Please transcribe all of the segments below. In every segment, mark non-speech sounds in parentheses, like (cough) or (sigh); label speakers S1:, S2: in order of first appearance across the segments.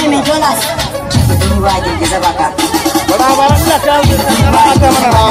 S1: Mimi ni Jonas. Jabaduni waje ngeza baka. Baba baba tunataka tunataka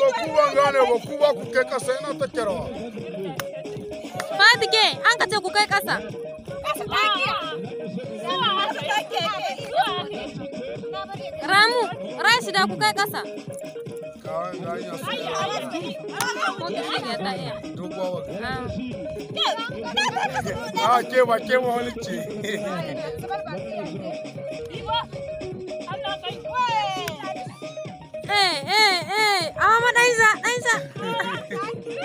S1: zo ku ban ku an ka ce ku kai kasa Ramu da ku kai kasa ke ba ke ba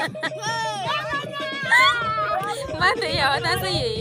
S1: (laughs) Mata iyawa ta sai yayi.